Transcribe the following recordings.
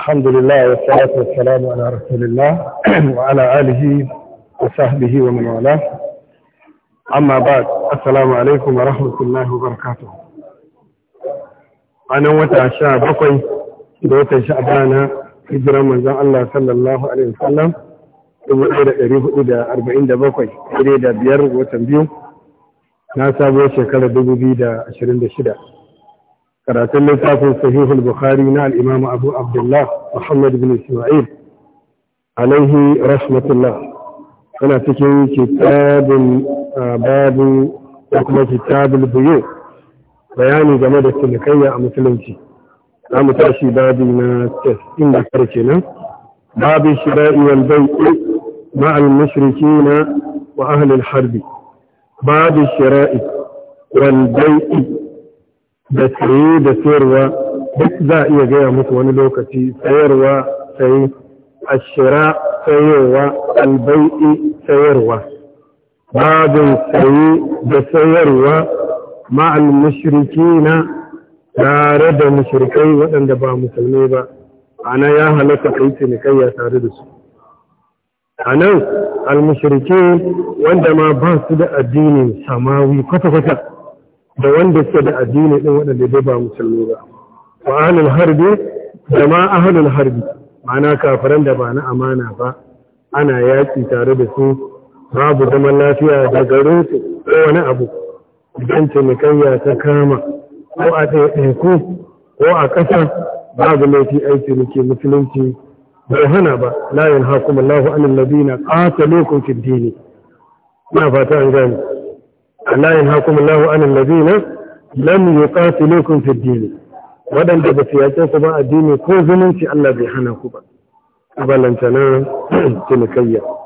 الحمد لله والصلاة والسلام على رسول الله وعلى آله وصحبه ومن والاه أما بعد السلام عليكم ورحمة الله وبركاته أنا وتا شاء بقي دوتا شعبانا هجرة من الله صلى الله عليه وسلم dubu ɗaya da ɗari hudu da arba'in da bakwai ɗari da biyar watan biyu na sabo shekarar dubu biyu da ashirin da shida karatun littafin sahihul bukhari na al'imamu abu abdullah muhammad bin isma'il alaihi rahmatullah yana cikin kitabin babin da kuma kitabul buyu bayani game da cinikayya a musulunci za mu tashi babi na 99 kenan babu shira'i wal bai'i مع المشركين وأهل الحرب بعد الشراء والبيع da saye da sayarwa duk za a iya gaya musu wani lokaci sayarwa sai ashira sayarwa, albai'i sayarwa babin saye da sayarwa ma'al na tare da mashirkai waɗanda ba musulmi ba ana ya halatta kai cinikayya tare da su a nan al wanda ma ba su da addinin samawi kwata-kwata da wanda ke da addini din waɗanda dai ba musulmi ba wa ahlul harbi da ma ahlul harbi ma'ana kafiran da ba na amana ba ana yaƙi tare da su babu zaman lafiya da garin su ko wani abu idan cinikayya ta kama ko a ɗaiɗaiku ko a ƙasa babu laifi aiki muke musulunci bai hana ba la yanhaakum Allahu anil ladina ƙasa fid dini ina fata an gani لا ينهاكم الله عن الذين لم يقاتلوكم في الدين ودن da في yaƙe الدين ba addini في الله Allah كبا hana ku ba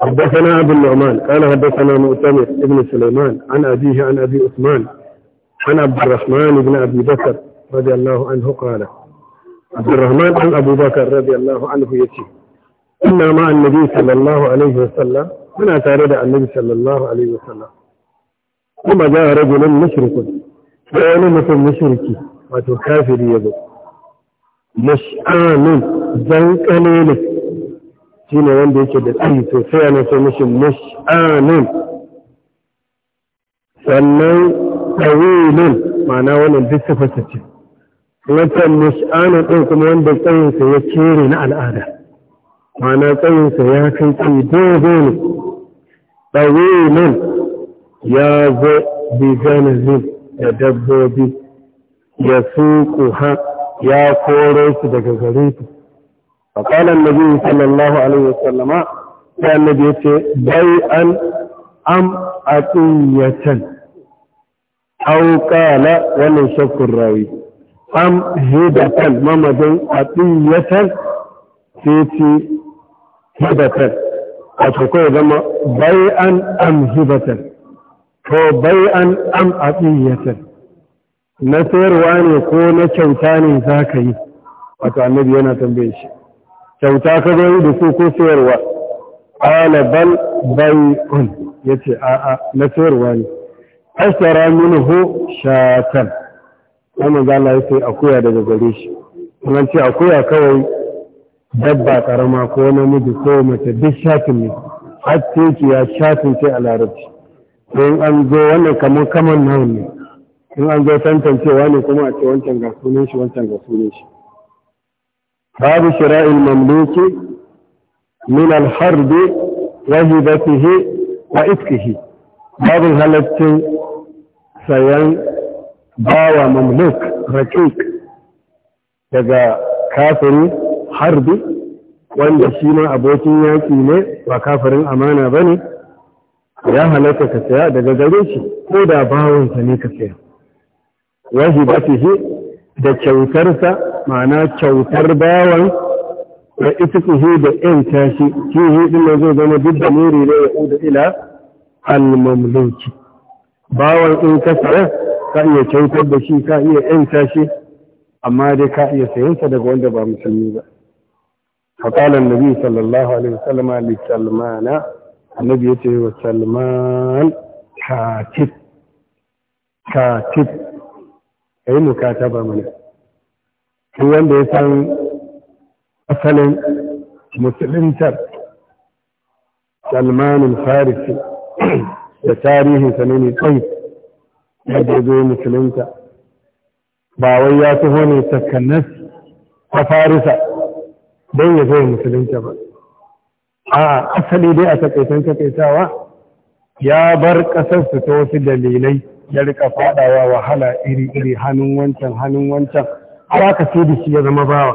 حدثنا أبو النعمان قال حدثنا مؤتمر ابن سليمان عن أبيه عن أبي عثمان عن عبد الرحمن بن أبي بكر رضي الله عنه قال عبد الرحمن عن أبو بكر رضي الله عنه يتي إنا مع النبي صلى الله عليه وسلم muna tare da annabi sallallahu alaihi wa sallam. kuma za a rage rajulun mushrikun sai wani mutum mushriki wato kafiri ya zo mush'anun zan kalilin shi ne wanda yake da tsari sosai ana sai mishi mush'anun sannan ɗawilin ma'ana wannan duk sufa ce wancan mush'anun ɗin kuma wanda tsayinsa ya kere na al'ada mana tsayinsa ya kai tsaye dogo ne ɗawilin ya zo bizanazin da dabbobi ya suku ha ya koro su daga gare su a ƙalan nabi sallallahu alaihi wasallama sai annabi ce bai an am a tsiyatan auƙala wannan shakkun rawi am hidatan mamadin a tsiyatan sai ce hibatan a cikin ya zama bayan am hibatan ko bayan am atiyatan na sayarwa ne ko na kyauta ne za ka yi Wata annabi yana tambaye shi kyauta ka zo da su ko sayarwa ala bal bai'un yace a'a na sayarwa ne ashtara ho shatan zala ya sai akuya daga gare shi wani ce akuya kawai dabba karama ko namiji ko mace duk shafin ne har teki ya shafin ke a larabci in an zo wannan kamar kamar nan ne in an zo tantancewa ne kuma a ce wancan ga sunan shi wancan ga sunan shi babu shira'il mamluki min al-harbi wa hibatihi wa iskihi babu halaccin sayan bawa mamluk rakik daga kafiri harbi wanda shi ma abokin yaƙi ne ba kafirin amana ba ne ya halatta ka saya daga gare shi ko da bawansa ne ka saya wahi ba da kyautarsa ma'ana kyautar bawan da ita fi da ‘yan tashi shi ɗin da zai zama duk da muri ne ya ƙuda ila al bawan in ka saya ka iya kyautar da shi ka iya ‘yan tashi amma dai ka iya sayansa daga wanda ba musulmi ba فقال النبي صلى الله عليه وسلم لسلمان النبي يتي وسلمان كاتب كاتب أي مكاتبة منه هو اللي يسأل asalin musuluntar salmanin farisi da tarihinsa ne mai tsayi yadda zo musulunta ba wai ya taho ne takanas a farisa don ya zai musulunta ba a asali dai a takaitan takaitawa ya bar ƙasarsu ta wasu dalilai ya rika fadawa wahala iri-iri hannun wancan hannun wancan har ka ce da shi ya zama bawa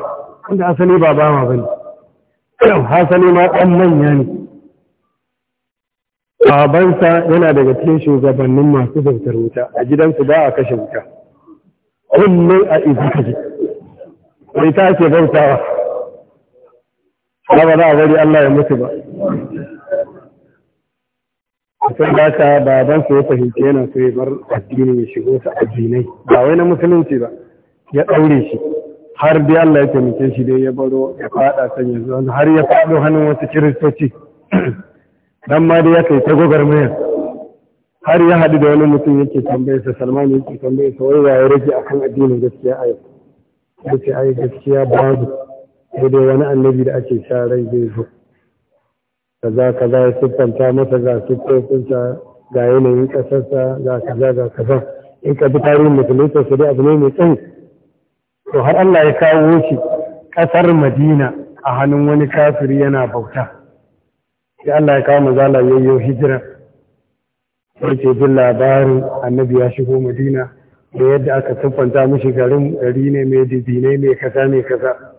wanda asali ba bawa ba ne hasali ma ɗan manya ne babansa yana daga cikin shugabannin masu bautar wuta a gidansu ba a kashe wuta kullum a izu kaji wai ta ke bautawa ba ba za a bari Allah ya mutu ba sai ba ka baban su ya fahimci yana su ya bar addini ya shigo su addinai ba wai na musulunci ba ya ɗaure shi har bi Allah ya taimake shi dai ya baro ya fada san zo har ya faɗo hannun wasu kiristoci dan ma dai ya kai ta gwagwarmaya har ya haɗu da wani mutum yake tambaye sa Salman yake tambaye sa wai ya rage akan addinin gaskiya a yau gaskiya babu daidai wani annabi da ake sha zai zo kaza kaza ya siffanta masa ga siffofinsa ga yanayin ƙasarsa ga kaza ga kaza in ka bi tarihin musulunta su dai abu ne mai tsayi to har Allah ya kawo shi kasar Madina a hannun wani kafiri yana bauta sai Allah ya kawo mazala yayyo hijira sai ke bin labarin annabi ya shigo Madina da yadda aka siffanta mushi garin gari ne mai dibinai mai kaza mai kaza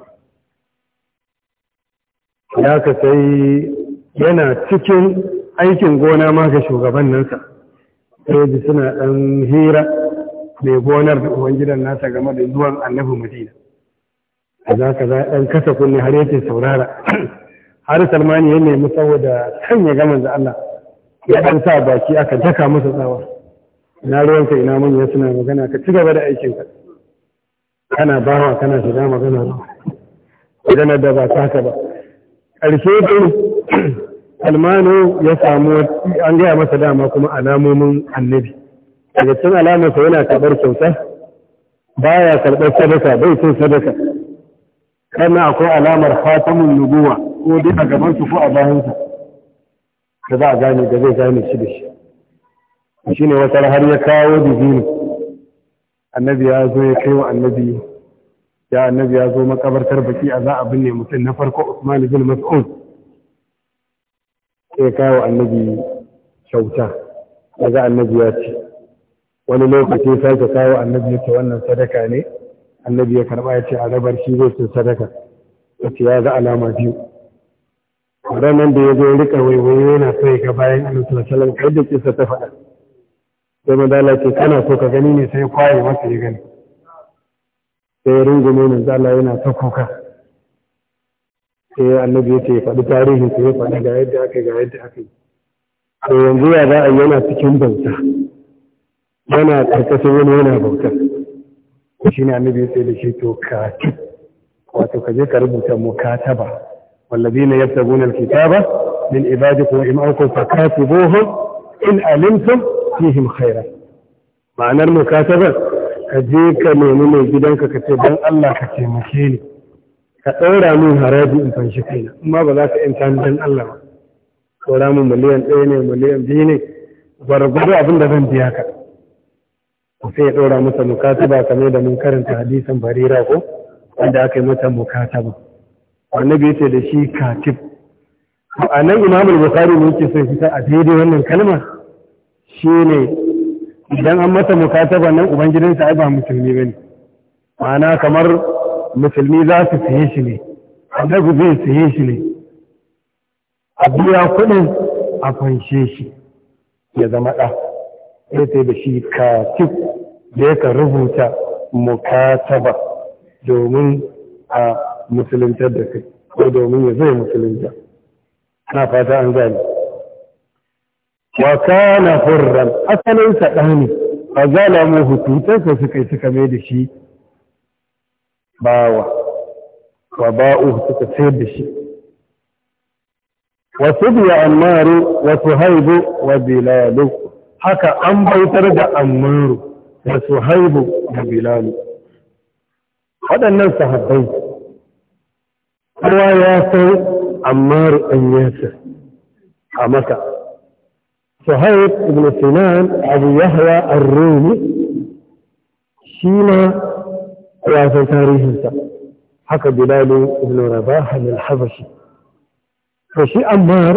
ya ka sai yana cikin aikin gona ma ga nansa sai ji suna ɗan hira mai gonar da ubangidan nasa game da zuwan annabi madina za ka za kasa kunne har yake saurara har salmani ya nemi saboda kan ya gama da Allah ya ɗan sa baki aka daka masa tsawa ina ruwanka ina manya suna magana ka ci gaba da aikinka kana bawa kana shiga magana magana da ba ta ba ƙarshe dai almanu ya samu an gaya masa dama kuma alamomin annabi daga cikin alamarsa yana karɓar kyauta baya karɓar sadaka bai cin sadaka kana akwai alamar fatamun nubuwa ko dai a gaban su ko a bayansa da za a gane da zai gane shi da shi ne wata har ya kawo dizini annabi ya zo ya kai wa annabi ya annabi ya zo makabartar baki a za a binne mutum na farko Usman bin Mas'ud sai kawo annabi kyauta daga annabi ya ce wani lokaci ka kawo annabi ya ce wannan sadaka ne annabi ya karba ya ce a rabar shi zai ce sadaka ya ce ya ga alama biyu ranar da ya zo rika waiwaye yana so ya ga bayan annabi sallallahu alaihi wasallam kai da kisa ta faɗa sai madala ce kana so ka gani ne sai kwaye masa ya gani sai ya ne manzo Allah yana ta kuka sai annabi ya ce faɗi tarihin sai ya faɗi ga yadda aka ga yadda aka yi to yanzu ya za a yana cikin bauta yana karkashin wani yana bauta shi ne annabi sai da shi to ka wato ka je ka rubuta mukataba wallazina yabtaguna ba, min ibadikum imaukum fakatibuhum in alimtum fihim khairan ma'anar mukatabar ka je ka nemi mai gidanka ka ce don Allah ka taimake ni ka ɗaura min haraji in fanshi kaina amma ba za ka yanta ni don Allah ba ɗaura min miliyan ɗaya ne miliyan biyu ne gwargwado abin da zan biya ka sai ya ɗaura masa ba kame da mun karanta hadisan barira ko wanda aka yi mata ba annabi bai ce da shi katib a nan imamul bukhari ne yake son fita a daidai wannan kalma shine idan an masa mukataba nan ubangidansa ai ba musulmi bane ma'ana kamar musulmi za su saye shi ne annabi zai saye shi ne a biya kuɗin a fanshe shi ya zama ɗa sai sai da shi katif da ka rubuta mukataba domin a musuluntar da kai ko domin ya zai musulunta ana fata an gani wa kana hurran asalin sa dani fa zalamu hututansa suka yi suka mai da shi bawa wa ba'u suka sayar da shi wa subiya ammaru wa suhaibu wa bilalu haka an bautar da ammaru da suhaibu da bilalu waɗannan sahabbai kowa ya san ammaru ɗan yasir a maka suhaib ibn sinan abu yahya ar-rumi shi ma ya san tarihinsa haka bilalu ibn rabah al-habashi to shi ammar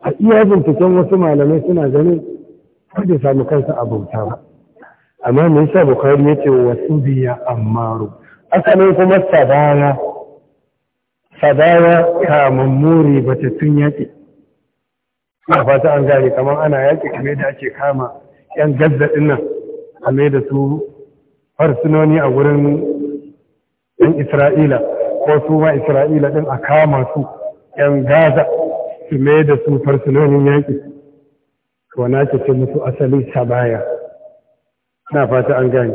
a iya binciken wasu malamai suna ganin kada samu kansa a bauta ba amma me yasa bukhari yace wasu biya ammaru asalin kuma sadaya sadaya ba muri batattun yaƙi na fata an gane kamar ana yaƙi kame da ake kama yan gazzaɗin nan a mai da su farsunoni a wurin yan isra'ila ko su ma isra'ila ɗin a kama su yan gaza su mai da su farsunoni yaƙi to na ce ce musu asali sabaya na fata an gane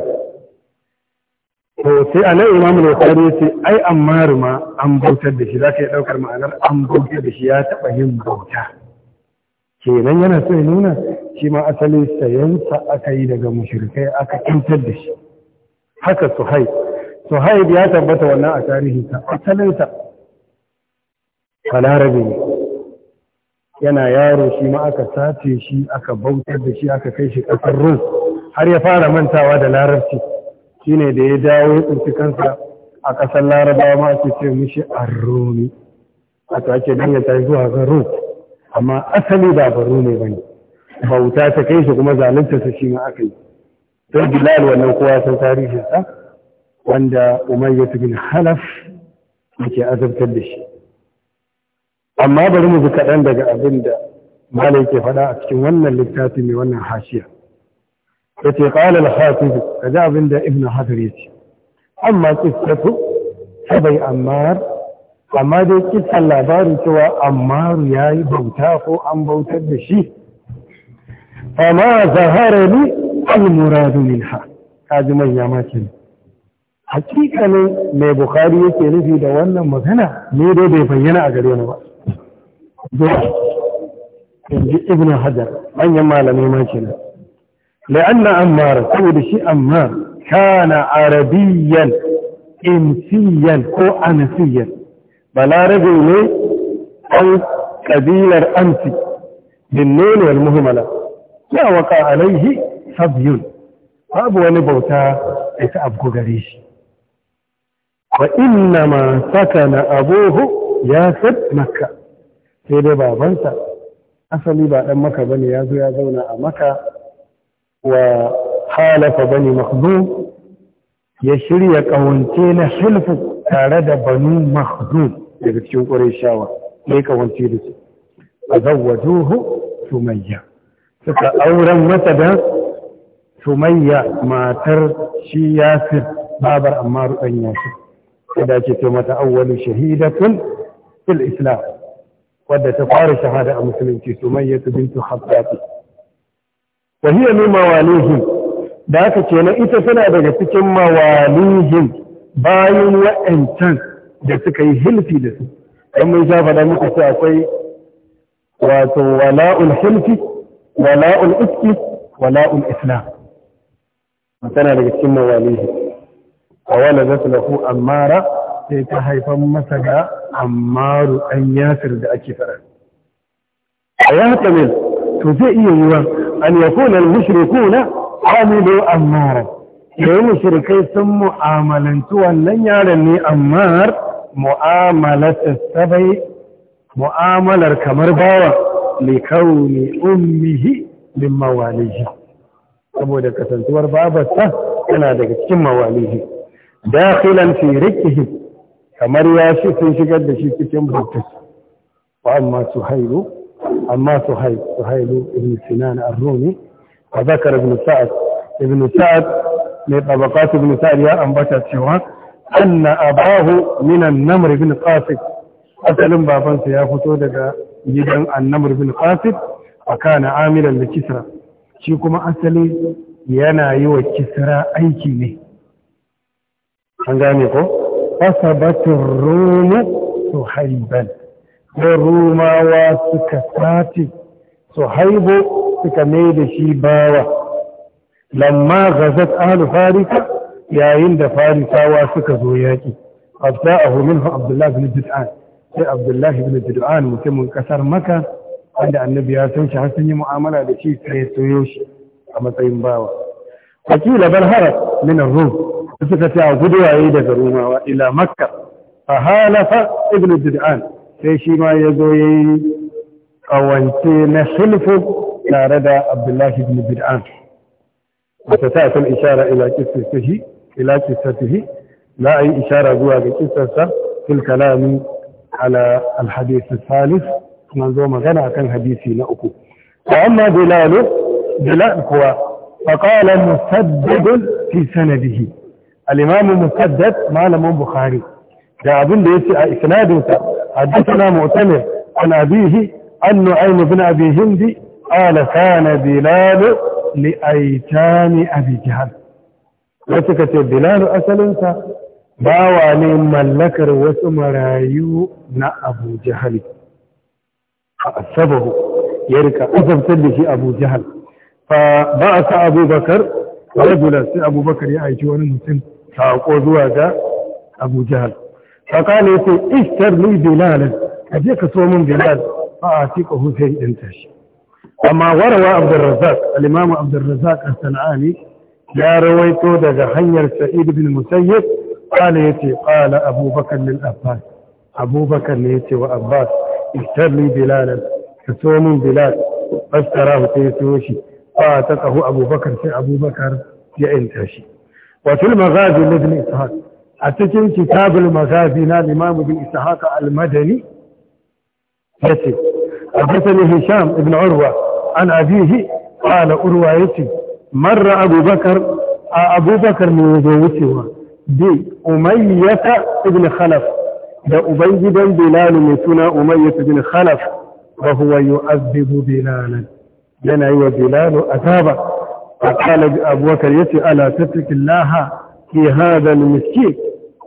to sai a nan imamu ne ya ce ai amma ruma an bautar da shi za ka yi ɗaukar ma'anar an bautar da shi ya taɓa yin bauta kenan yana so ya nuna shi ma asali sayansa aka yi daga mushrikai aka kintar da shi haka su su hai ya tabbata wannan a tarihinsa asalinsa balarabe ne yana yaro shi ma aka sace shi aka bautar da shi aka kai shi ƙasar rum har ya fara mantawa da larabci shine da ya dawo ya tsinci kansa a ƙasar larabawa ma ake ce mishi arromi a ake dangata zuwa ga rum amma asali ba baro ne ne. bauta ta kai shi kuma zalunta su shi ma aka yi sai bilal wannan kowa san tarihin sa wanda umayya bin halaf yake azabtar da shi amma bari mu ji kaɗan daga abin da malai ke faɗa a cikin wannan littafi mai wannan hashiya ya ce ƙalar hafiz ka ji abin da ibn hajar ya ce amma tsistatu sabai ammar amma dai kisan labarin cewa ammaru ya yi bauta ko an bautar da shi amma zahara ne al-muradu minha kaji manya makin hakikanin mai bukari yake nufi da wannan magana ne dai bai bayyana a gare ni ba in ji ibn hajar manyan malamai ma kenan la'anna ammar saboda shi ammar kana arabiyyan insiyan ko anasiyan balarabe ne an ƙabilar anti din nuni wal muhimmala ya waka alaihi sabyun babu wani bauta da ta abu gare shi wa inna ma saka na abuhu ya sab makka sai dai babansa asali ba ɗan maka bane ya zo ya zauna a maka wa halafa bani makhzum ya shirya ƙawance na hilfu tare da banu mahdum daga cikin ƙurayshawa ne kawanci da su duhu, tumayya suka auren masa da tumayya matar shi yasir babar amma ruɗan yasir wadda ake ce mata awwalu shahidatun fil islam wadda ta fara shahada a musulunci su bintu habbati wa hiya min mawalihim da aka ce na ita tana daga cikin mawalihim bayan wa'ancan da suka yi hilfi da su don mun sha faɗa muku su akwai wato wala'ul hilfi wala'ul iski wala'ul islam tana daga cikin mawalihi a wala zasu lahu ammara sai ta haifan masa da ammaru an yasir da ake fara a ya tamil to zai iya yi wa an yakuna al-mushrikuna amilu ammara yayin mushrikai sun mu'amalantu wannan yaron ne ammar mu'amalatar sabai mu'amalar kamar bawa likauni ummihi min mawalihi saboda kasantuwar babarsa yana daga cikin mawalihi dakhilan fi rikhi kamar ya shi sun shigar da shi cikin bautar wa amma suhailu amma suhailu suhailu ibn sinan ar-rumi wa zakar ibn sa'ad ibn sa'ad mai tabaqat ibn sa'ad ya ambata cewa anna abahu min an-namr ibn asalin babansa ya fito daga gidan an-namr ibn qasim akana amilan da kisra shi kuma asali yana yiwa wa kisra aiki ne an gane ko fasabatin rumu su haiban da rumawa suka sati su haibo suka mai da shi bawa lamma gazat ahlu farika yayin da farisawa suka zo yaƙi abta'ahu fa Abdullahi bin bid'an sai Abdullahi bin bid'an mutumin kasar maka wanda annabi ya san shi har sun yi mu'amala da shi sai soyo shi a matsayin bawa wakila bal harab min ar-rum suka ta guduwaye daga rumawa ila makka fa halafa ibn bid'an sai shi ma ya zo yayi kawance na sulfu tare da Abdullahi bin bid'an وتتأتي الإشارة إلى shi. ila kisatihi za a yi ishara zuwa ga kisarsa fil kalami ala alhadis salif kuma zo magana akan hadisi na uku wa amma bilal bilal kuwa fa qala musaddad fi sanadihi al-imam musaddad malamin bukhari da abin da yace a isnadinsa haddathana mu'tamir an abihi an nu'aym ibn abi hindi قال كان بلال لأيتام أبي جهل wasu ka ce bilalu asalinsa bawa ne mallakar wasu marayu na abu jahali a asabahu ya rika azabtar da shi abu ba a sa abubakar rajula sai abubakar ya aiki wani mutum saƙo zuwa ga abu jahal fakala ya ce ishtar ni bilalin ka je ka so min bilal Ba a tika hussein ɗin tashi amma warawa abdurrazak al'imamu abdurrazak a ne. ya rawaito daga hanyar sa'id bin musayyib qala yace qala abubakar lil abbas abubakar ne yace wa abbas istarli bilal ka so min bilal fastarahu sai so shi fa taqahu abubakar sai abubakar ya inta shi wa fil maghazi ibn ishaq a cikin kitabul maghazi na imam ibn ishaq al-madani yace حدثني هشام بن عروة عن أبيه قال عروة يتي marra abubakar a abubakar ne ya zo wucewa bi umayyata ibn khalaf da ubangidan gidan bilal mai suna umayyata ibn khalaf wa huwa yu'azzibu Bilalan yana yi wa bilal azaba fa qala abubakar yace ala tattaqillaha fi hadha al-miskin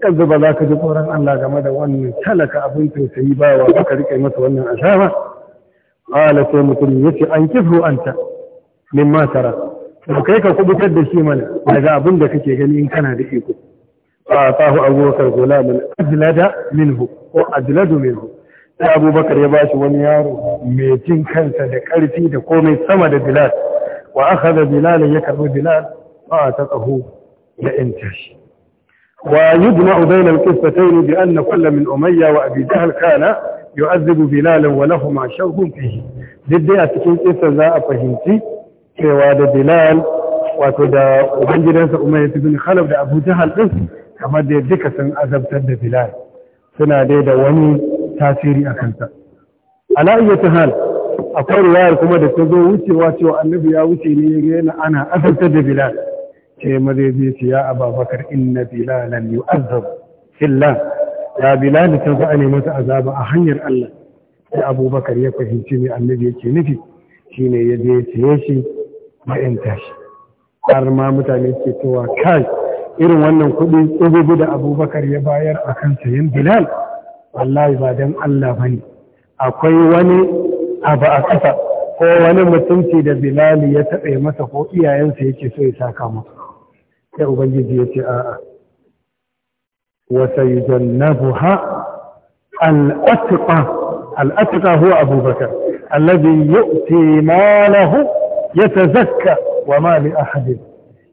yanzu ba za ka ji tsoron Allah game da wannan talaka abin tausayi ba wa aka rike masa wannan azaba qala sai mutum yace an kifu anta mimma tara to kai ka kubutar da shi mana daga abin da kake gani in kana da iko fa tahu abubakar gulamun ajlada minhu ko ajladu minhu sai abubakar ya bashi wani yaro mai jin kansa da karfi da komai sama da bilal wa akhadha bilal ya karbi bilal fa taqahu ya inta shi wa yujma'u bayna al-qissatayn bi anna kull min umayya wa abi jahl kana yu'adhibu bilal wa lahumu shawhun fihi a cikin kisa za a fahimci cewa da bilal wato da ubangidansa umar yasu bin khalaf da abu ɗin kamar da duka sun azabtar da bilal suna dai da wani tasiri a kansa ala iya hal akwai riwayar kuma da ta zo wucewa cewa annabi ya wuce ne ya yana ana azabtar da bilal ce mazai ce ya ababakar inna bilalan yu'azzab illa ya bilal ta za ne masa azaba a hanyar Allah sai abubakar ya fahimci me annabi yake nufi shine ya je ya ce shi bayan tashi har ma mutane ke cewa kai irin wannan kuɗi tsugugu da abubakar ya bayar a kan sayin bilal wallahi ba don allah ba akwai wani abu a ƙasa ko wani mutunci da bilali ya taɓa masa ko iyayensa yake so ya saka masa sai ubangiji ya ce a'a wasa yujannabuha al ha al'atuka al'atuka huwa abubakar alladhi yu'ti malahu يتزكى وما لأحد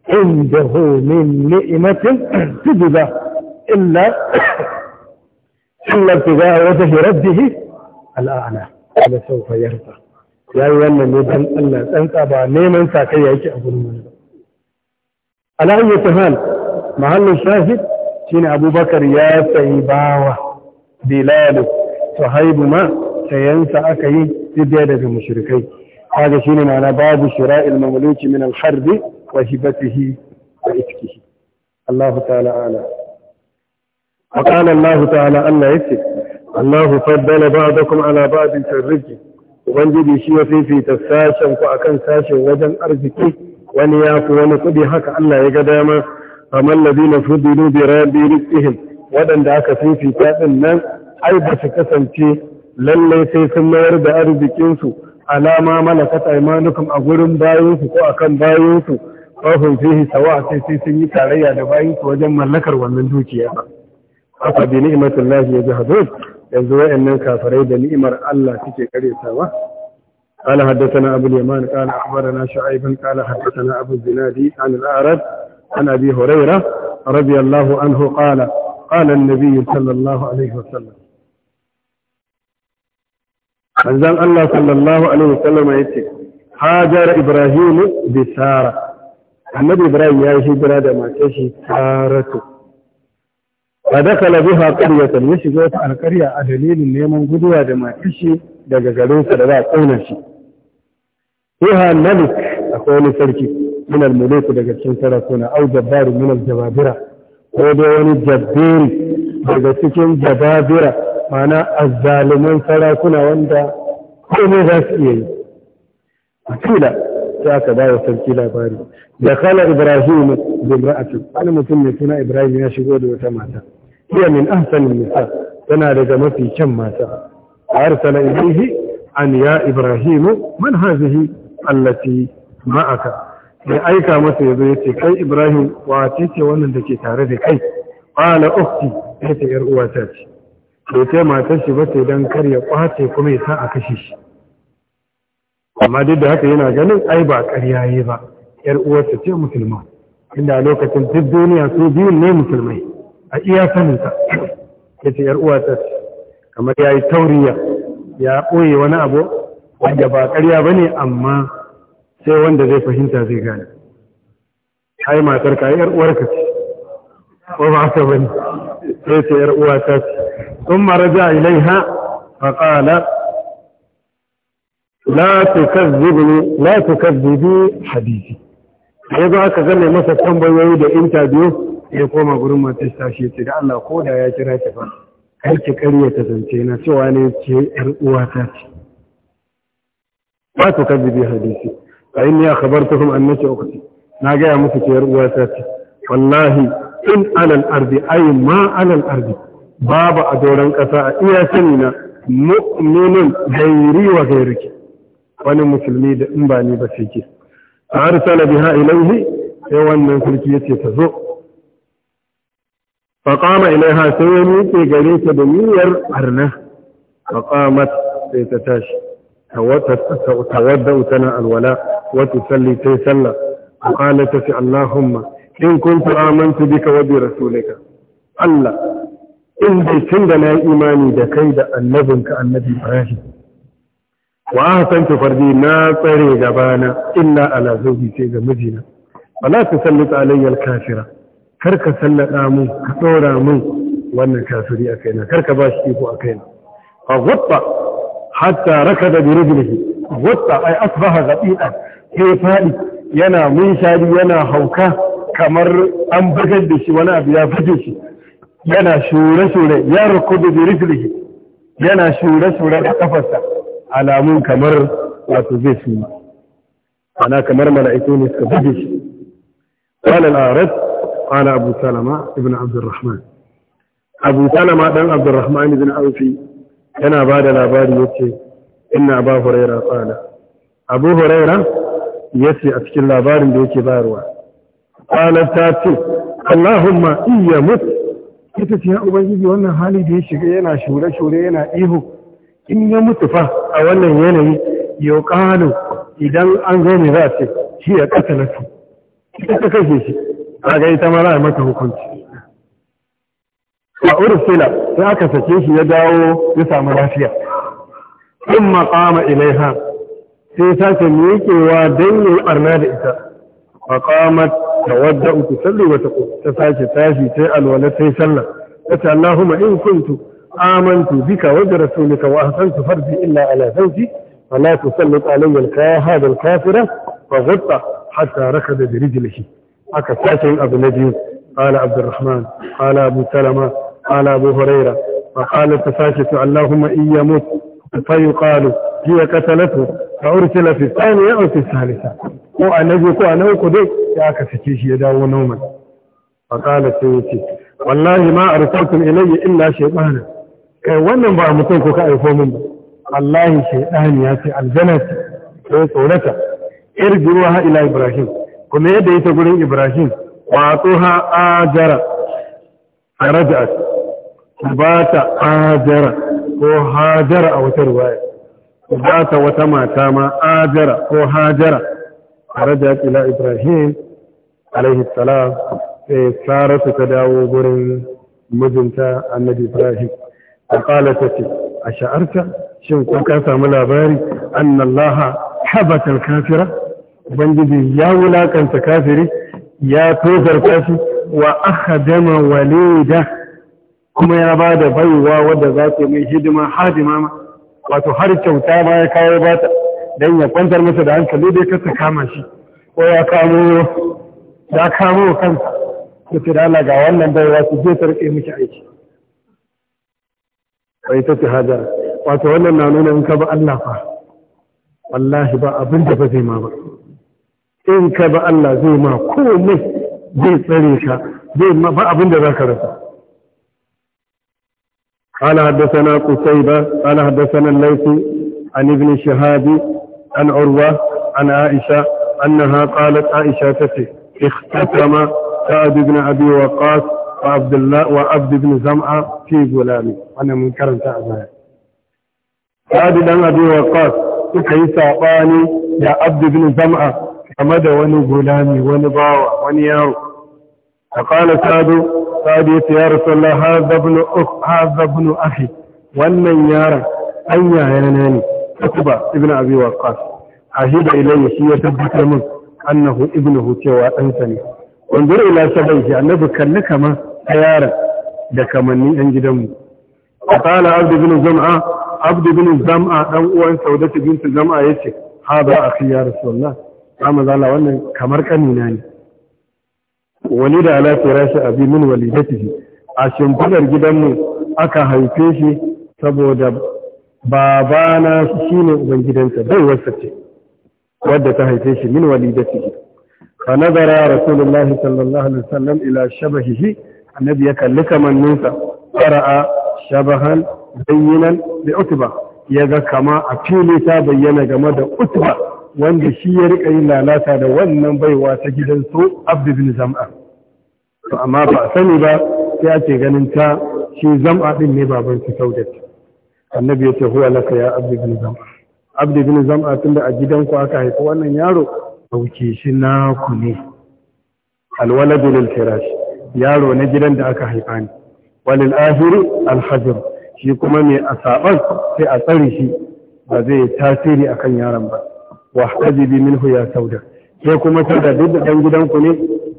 عنده من نئمة تجد إلا إلا ابتغاء وجه ربه الأعلى سوف يرضى يا أيها الذين الله تنسى بعد نيمان ساكي يأتي أبو المنزل على أي تهال محل الشاهد شين أبو بكر يا سيباوة بلال صهيب ما سينسى aka yi المشركين kaga shine ma'ana babu shira'il mamluki min al-harbi wa hibatihi wa itkihi Allah ta'ala ala wa qala Allah ta'ala Allah yace Allah faddala ba'dakum ala ba'din tarriki ubangiji shi ya fifita sashen ku akan sashen wajen arziki wani ya fi wani kuɗi haka Allah ya ga dama amman ladina fudilu bi rabbi rizqihim wadanda aka fifita din nan ai ba su kasance lallai sai sun mayar da arzikinsu alama malakat aymanukum a gurin bayansu ko akan bayansu fahim fihi sawa sai sai sun yi tarayya da bayansu wajen mallakar wannan dukiya ba haka bi ni'matullahi yajhadun yanzu wayannan kafirai da ni'imar Allah suke karetawa قال حدثنا أبو اليمان قال أخبرنا شعيب قال حدثنا أبو الزنادي عن الأعرج عن أبي هريرة رضي الله عنه قال قال النبي صلى الله عليه وسلم manzon Allah sallallahu alaihi wasallama ya ce hajar Ibrahimu bi sara annabi ibrahim ya yi hijira da mace shi saratu da kala biha qaryatan ya shiga wata alƙarya a dalilin neman guduwa da matashi shi daga garinsa da za a ƙauna shi fiha malik akwai wani sarki min al-muluk daga cikin sarakuna au jabbaru min al-jababira ko dai wani jabbiri daga cikin jababira mana azzalumin sarakuna wanda komai za su iya yi a kila sai aka ba wa sarki labari da kala ibrahim bimra'atin wani mutum mai suna ibrahim ya shigo da wata mata iya min ahsanin nisa tana daga mafi kyan mata arsala ilayhi an ya ibrahim man hazihi allati ma'aka mai aika masa yazo yace kai ibrahim wace ce wannan da ke tare da kai qala ya ce yar uwata ce bai kai matar shi ba sai don kar ya kwace kuma ya sa a kashe shi amma duk da haka yana ganin ai ba ƙarya yi ba yar uwarsa ce musulma inda a lokacin duk duniya su biyun ne musulmai a iya saninsa ya ce yar uwarsa ce kamar ya yi tauriya ya ɓoye wani abu wanda ba ƙarya ba amma sai wanda zai fahimta zai gane ai matar ka yar uwarka ce ko ba ta bane sai ta yar uwa ta ثم رجع إليها فقال لا تكذبني لا تكذبي حديثي sai ba ka zame masa tambayoyi da intabiyu ya koma gurin matar sashi ce da Allah ko da ya kira ki fa kai ki karya ta zance na cewa ne ce yar uwa ta ce hadisi na ce yar ce wallahi in alal ardi ay ma alal ardi babu a doron ƙasa a iya sani na mu'minin gairi wa gairiki wani musulmi da in ba ni ba sai ke a arsala biha ilaihi sai wannan sarki yace ta zo fa ilaiha sai ya miƙe gare ta da niyyar arna fa qamat sai ta tashi tawadda tana alwala wa tusalli sai sallah qalat fi Allahumma. in kuntu amantu bika wa bi rasulika Allah in dai tun da na yi imani da kai da annabinka annabi Ibrahim wa ahsantu fardi na tsare gabana illa ala zawji sai ga mijina wala tusallit alayya al-kafira kar ka sallada mu ka dora mu wannan kafiri a kaina kar ka bashi iko a kaina fa ghatta hatta rakada bi rijlihi ghatta ay asbaha ghadidan sai fadi yana munshari yana hauka kamar an bugar da shi wani abu ya buge shi yana shure-shure ya rukudu da rifliki yana shure-shure da kafarsa alamun kamar wato zai su ana kamar mala'iku ne suka buge shi wani larat ana abu salama ibn abdurrahman abu salama dan abdurrahman ibn aufi yana ba da labari ya ce ina ba huraira tsada abu huraira ya ce a cikin labarin da yake bayarwa kwanar ta ce Allahumma iya mutu ita ce ya ubangiji wannan hali da ya shiga yana shure-shure yana ihu in ya mutu fa a wannan yanayi ya kano idan an zo ne za a ce shi ya ƙasa na su ita ta kashe shi a ga ita mara a mata hukunci a ursila sai aka sake shi ya dawo ya samu lafiya in maƙama ilaiha sai sake miƙewa don yi ɓarna da ita maƙamat tawadda ku salli wa ta ta sace tashi ta alwala ta sallah ta ta Allahumma in kuntu amantu bika wa rasulika wa ahsantu farji illa ala zawji fala tusallit alayya al-kaya hadha al-kafira fa ghatta hatta rakada bi rijlihi aka sace abu nabi qala abdurrahman qala abu salama qala abu huraira fa qala tasashitu allahumma in yamut fa yuqalu هي قتلته فأرسل في الثانية أو في الثالثة ko a na ko a na uku dai sai aka sake shi ya dawo noman faƙala sai ya ce wallahi ma arsaltum ilayya illa shaytana kai wannan ba mutum ko ka aiko min ba wallahi shaytani ya ce aljanna sai tsorata irjiruha ila ibrahim kuma yadda yake gurin ibrahim wa tuha ajara farajat bata ajara ko hajara a wata ruwaya bata wata mata ma ajara ko hajara farajat ila ibrahim alaihi salam sai saratu ta dawo gurin mijinta annabi ibrahim a ta ce a sha'arta shin kun ka samu labari annallaha habatal kafira ubangiji ya wulakanta kafiri ya tozarta shi wa akhdama walida kuma ya ba da baiwa wadda za ta mai hidima hadima ma wato har kyauta baya ya kawo ba ta don ya kwantar masa da hankali dai kasa kama shi ko ya kamo ya kamo kansa ko ce da ga wannan baiwa su je tarke miki aiki bai ta ce hajar wato wannan na nuna in ka ba Allah fa wallahi ba abin da ba zai ma ba in ka ba Allah zai ma komai zai tsare ka zai ma ba abin da za ka rasa قال حدثنا قتيبة قال حدثنا الليث عن ابن شهاب عن عروة عن عائشة أنها قالت عائشة تتي اختتم سعد بن أبي وقاص وعبد الله وعبد بن زمعة في غلامي أنا منكر سعد سعد بن أبي وقاص كي سعطاني يا عبد بن زمعة كمد وني غلامي وني باوة وني يارو فقال سعد سعد يا رسول الله هذا ابن أخ هذا ابن أخي wannan yaron an yayana ne Uqba ibn Abi Waqqas ahida ilayya shi ya tabbata min annahu ibnuhu cewa ɗansa ne wanda ila sabai annabi kalli kaman a yaron da kamannin ɗan gidanmu qala abd ibn zam'a abd ibn zam'a dan uwan saudatu bint zam'a yace hada akhi ya rasulullah amma zalla wannan kamar kanina ne Wani da ala firashi abi min walidatihi a shimfidar gidanmu aka haife shi saboda babana shi ne ubangidansa bai wasa ce wadda ta haife shi min walidatihi fa nazara rasulullahi sallallahu alaihi wasallam ila shabahihi annabi ya kalli kamanninsa fara'a shabahan bayyinan bi utba ya ga kama a fili ta bayyana game da utba wanda shi ya rika yin lalata da wannan baiwa ta gidan su abdu bin zam'a to amma ba sani ba sai ake ganin ta shi zam'a din ne baban su saudat annabi ya ce huwa laka ya abdi bin zam'a abdi bin zam'a tunda a gidanku aka haifi wannan yaro dauke shi ku ne alwaladu lil firash yaro na gidan da aka haifa ni. walil ahiri alhajr shi kuma mai a sai a tsare shi ba zai tasiri akan yaron ba wa hajibi minhu ya sauda sai kuma sauda duk da dan gidanku ne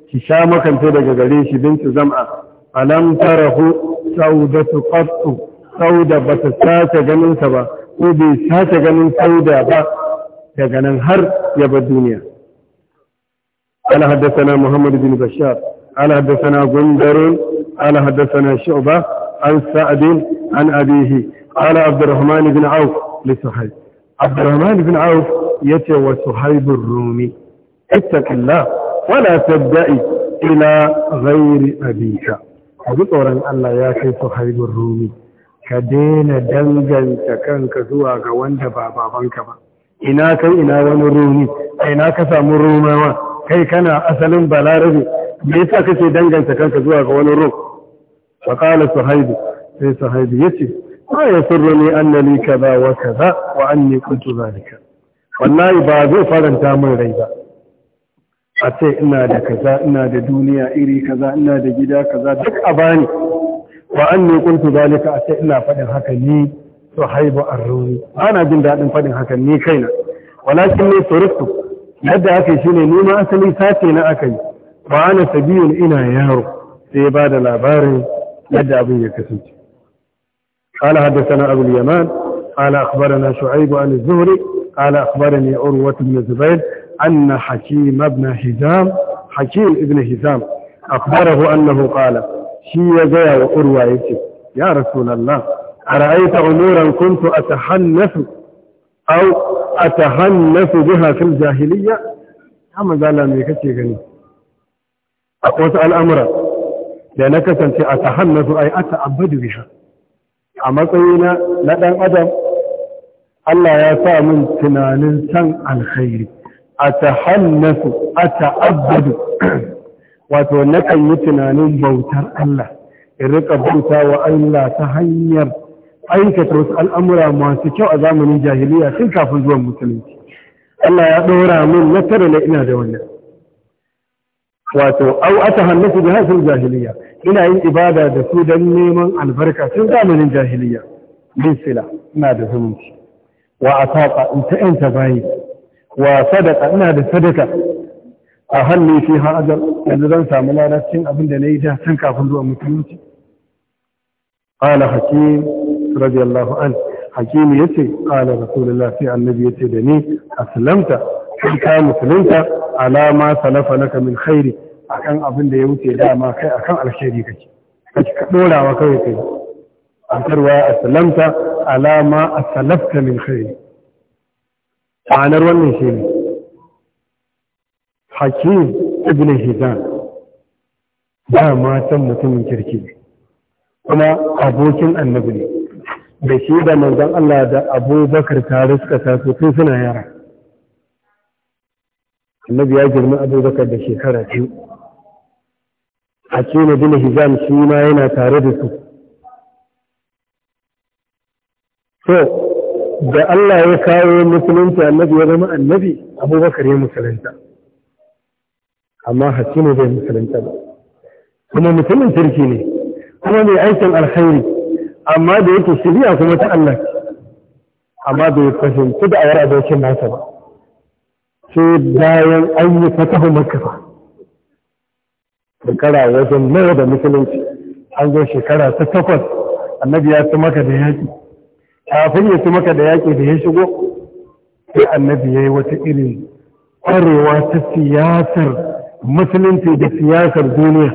ki sha makance daga gare shi bintu zam'a alam tarahu saudatu qattu sauda ba su sace ganinsa ba ko bai sace ganin sauda ba daga nan har ya bar duniya. Ala haddasana Muhammad bin Bashar, ala haddasana Gundarun, ala haddasana Shu'ba, an sa'adin an abihi, ala Abdurrahman bin Auf li Suhaib. Abdurrahman bin Auf ya ce wa Suhaibun Rumi, ittaƙilla, wala tabda'i ila ghairi abika. Abi tsoron Allah ya kai Suhaibun Rumi. ka daina danganta kanka zuwa ga wanda ba babanka ba ina kai ina wani ina ka samu rumawa kai kana asalin balarabe me yasa kake danganta kanka zuwa ga wani ruh wa qala suhaibu sai suhaibu yace ma yasurruni annani kaza wa kaza wa anni kuntu zalika wallahi ba zai faranta min rai ba a ce ina da kaza ina da duniya iri kaza ina da gida kaza duk a bani wa anni kuntu zalika a sai ina faɗin haka ni to haibu arruni ana jin daɗin faɗin haka ni kaina walakin ne turistu yadda aka shine nima asali sace na aka yi ba ana sabiyun ina yaro sai ya da labarin yadda abin ya kasance قال حدثنا أبو اليمان قال أخبرنا شعيب عن الزهري قال أخبرني عروة بن الزبير أن حكيم بن هزام حكيم بن هزام أخبره أنه قال shi ya gaya wa urwa ya ce ya rasulallah a ra'aita umuran kuntu a tahannasu au a tahannasu biha fil jahiliya ya mazala me kake gani a wasu al'amura da na kasance a tahannasu ai a ta'abbadu biha a matsayina na ɗan adam Allah ya sa min tunanin san alkhairi a tahannasu a ta'abbadu wato nakan yi tunanin bautar Allah in rika bauta wa Allah ta hanyar aikata wasu al'amura masu kyau a zamanin jahiliya tun kafin zuwan musulunci Allah ya ɗora min na tare na ina da wannan wato au ata hannasu da hasil jahiliya ina yin ibada da su don neman albarka tun zamanin jahiliya min sila ina da zumunci wa asaka in ta yanta bayi wa sadaka ina da sadaka a hannun fi har ajar yanzu zan samu lalacin abin da na yi da tun kafin zuwa musulunci qala hakim radiyallahu an hakim ce, Ala rasulullah sai annabi ya ce da ni aslamta in ka musulunta ala ma salafa laka min khairi akan abin da ya wuce dama kai akan alkhairi kake kake ka dorawa kai kai an tarwa aslamta ala ma asalafta min khairi ma'anar wannan shi ne hakim ibn hizan ba matan mutumin kirki kuma abokin annabi ne da shi da manzon Allah da abubakar tare suka taso tun suna yara annabi ya girma abubakar da shekara biyu hakim ibn hizan shi ma yana tare da su to da Allah ya kawo musulunci annabi ya zama annabi abubakar ya musulunta amma hakimu bai musulunta ba kuma mutumin kirki ne kuma mai aikin alkhairi amma da yake shirya kuma ta Allah amma bai fahimci da awar abokin nasa ba sai bayan an yi fatahu makka ba shekara wajen nawa da musulunci an zo shekara ta takwas annabi ya maka da yaƙi kafin ya maka da yaƙi da ya shigo sai annabi ya yi wata irin ƙwarewa ta siyasar musulunci da siyasar duniya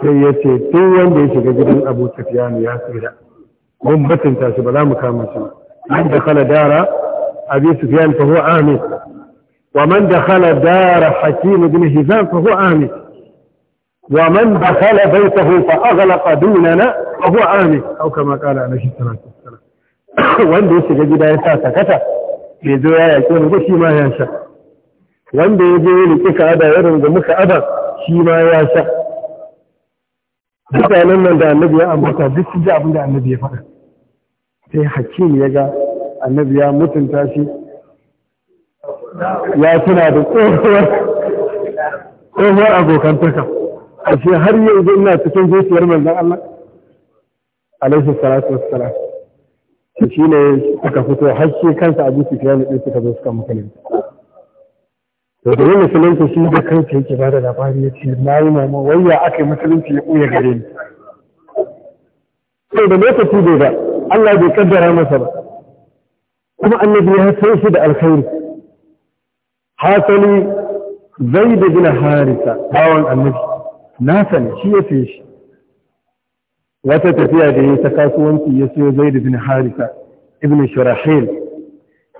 sai ya ce duk wanda ya shiga gidan abu sufyan ya tsira mun mutunta shi ba za mu kama shi man da kala dara abi sufyan fa huwa amin wa man da kala dara hakim ibn hizam fa huwa amin wa man da kala baitahu fa aghlaqa dunana fa huwa amin au kama qala annabi sallallahu alaihi wasallam wanda ya shiga gida ya sa sakata bai zo ya yake wani ba shi ma ya sha wanda ya je ya kika ada, ya muka ada, shi ma ya sha mutanen nan da annabi ya ambata duk su ji abin da annabi ya faɗa sai hakim ya ga annabi ya mutunta shi ya tuna da tsohuwar abokantaka a shi har yau zai ina cikin zuciyar manzan Allah alaihi salatu wassalam shi ne aka fito har shi kansa a su fiye da suka zo suka mutu to da yin musulunci shi da kansa yake ba da labari ya ce na yi mama wayya aka yi musulunci ya ɓuya gare ni sai da lokaci bai ba Allah bai kaddara masa ba kuma annabi ya san shi da alkhairi hasali zai da gina harisa bawan annabi na sani shi ya fi shi wata tafiya da ya ta kasuwanci ya siyo zai da bin harisa ibn shurahil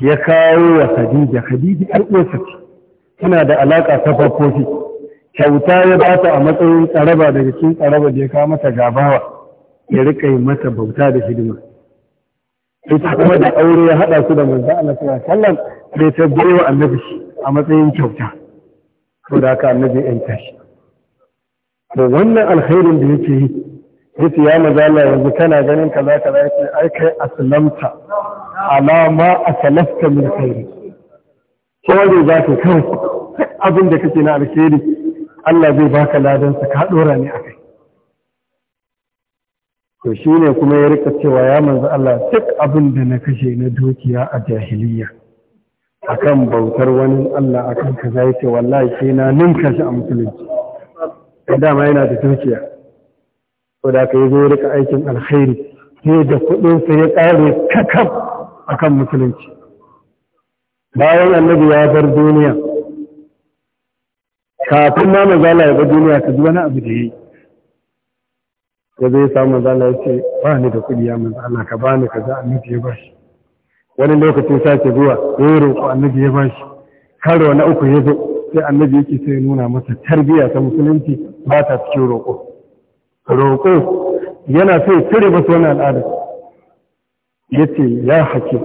ya kawo wa khadija khadija yar uwarsa ce suna da alaƙa ta farkofi kyauta ya ba ta a matsayin tsaraba daga cikin tsaraba da ya kawo mata gabawa ya rika yi mata bauta da hidima ita kuma da aure ya haɗa su da manzo Allah sallallahu alaihi wasallam bai tabbai wa annabi a matsayin kyauta Ko da haka annabi ya tashi to wannan alkhairin da yake yi yace ya maza Allah yanzu kana ganin kaza kaza yace ai kai aslamta alama asalafta min khairi kawai za ka kanku abin da kake na alheri Allah zai baka ladansa ka dora ne akai to ne kuma ya rika cewa ya manzo Allah duk abin da na kashe na dukiya a jahiliya akan bautar wani Allah akan ka zai ce wallahi sai na ninka shi a musulunci dama yana da dukiya ko da kai zo rika aikin alkhairi sai da kuɗinsa ya kare kakaf akan musulunci bayan annabi ya bar duniya kafin ma mazala ya ga duniya ka ji wani abu da yi ya zai samu mazala ya ce ba ni da kuɗi ya mazala ka ba ni za annabi ya bashi wani lokacin sake zuwa ya yi roƙo annabi ya bashi karo na uku ya zo sai annabi yake sai nuna masa tarbiyya ta musulunci ba ta cikin roƙo roƙo yana sai cire masa wani al'ada ya ce ya hakim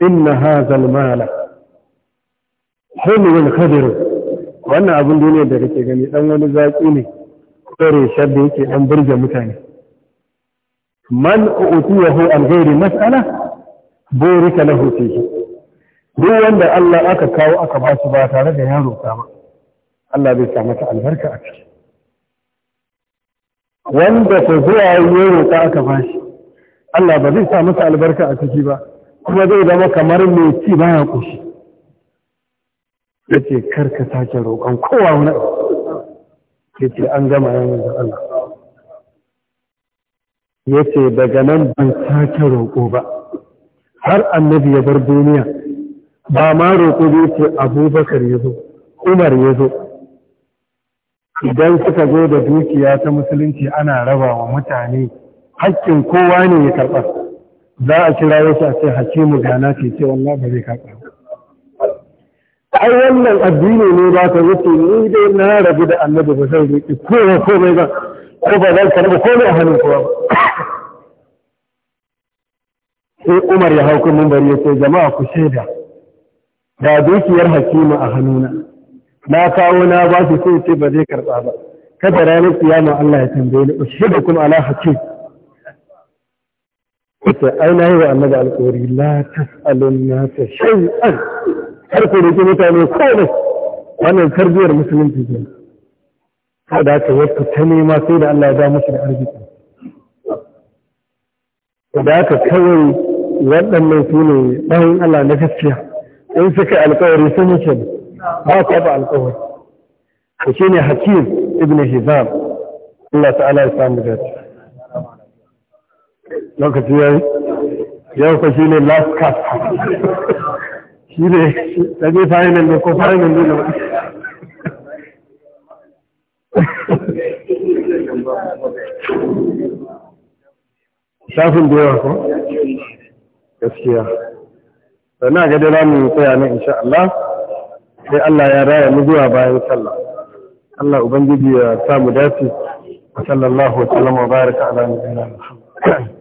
inna hazal mala hulwul wannan abin duniyar da kake gani dan wani zaki ne tsare shadda yake dan burge mutane man utiyahu an ghairi mas'ala burika lahu fihi duk wanda Allah aka kawo aka ba shi ba tare da yaro roƙa ba Allah zai sa mata albarka a ciki wanda ta zuwa yaro ta aka ba shi Allah ba zai sa masa albarka a ciki ba kuma zai zama kamar mai ci baya kushi. ya karka sake roƙon kowa wani ya ce an gama yanar da Allah ya daga nan ban sake roƙo ba har annabi ya bar duniya ba ma roƙo ya ce abubakar ya zo umar ya zo idan suka zo da dukiya ta musulunci ana raba wa mutane hakkin kowa ne ya karɓa za a kira wasu a ce hakimu gana ce ce wallah ba zai karɓa ai wannan addini ne ba ka yace ni dai na rabu da annabi ba zan riƙe kowa komai ba ko ba zan karɓi komai a hannun kowa sai Umar ya hau kun bari ya ce jama'a ku shaida da dukiyar hakima a hannuna na kawo na ba shi sai ce ba zai karɓa ba kada ranar kiyama Allah ya tambaye ni ushhadu kum ala hakim ita ai na yi wa annabi alƙawari la tas'alun nasa shay'an kar ku ke mutane komai wannan tarbiyyar musulunci ke da haka wasu ta nema sai da Allah ya ba musu da arziki da haka kawai waɗannan su ne bayan Allah na gaskiya in suka alkawari sun wuce ba ta ba alkawari da shi ne hakim ibn hizam Allah ta'ala ya samu dace lokaci ya yi yau ka shi ne last cast shi ne ɗage final ne ko final ne shafin da yawa ko gaskiya sannan ga tsaya ne insha Allah sai Allah ya raya mu zuwa bayan sallah Allah ubangiji ya samu dace sallallahu alaihi wa sallam wa baraka ala Muhammad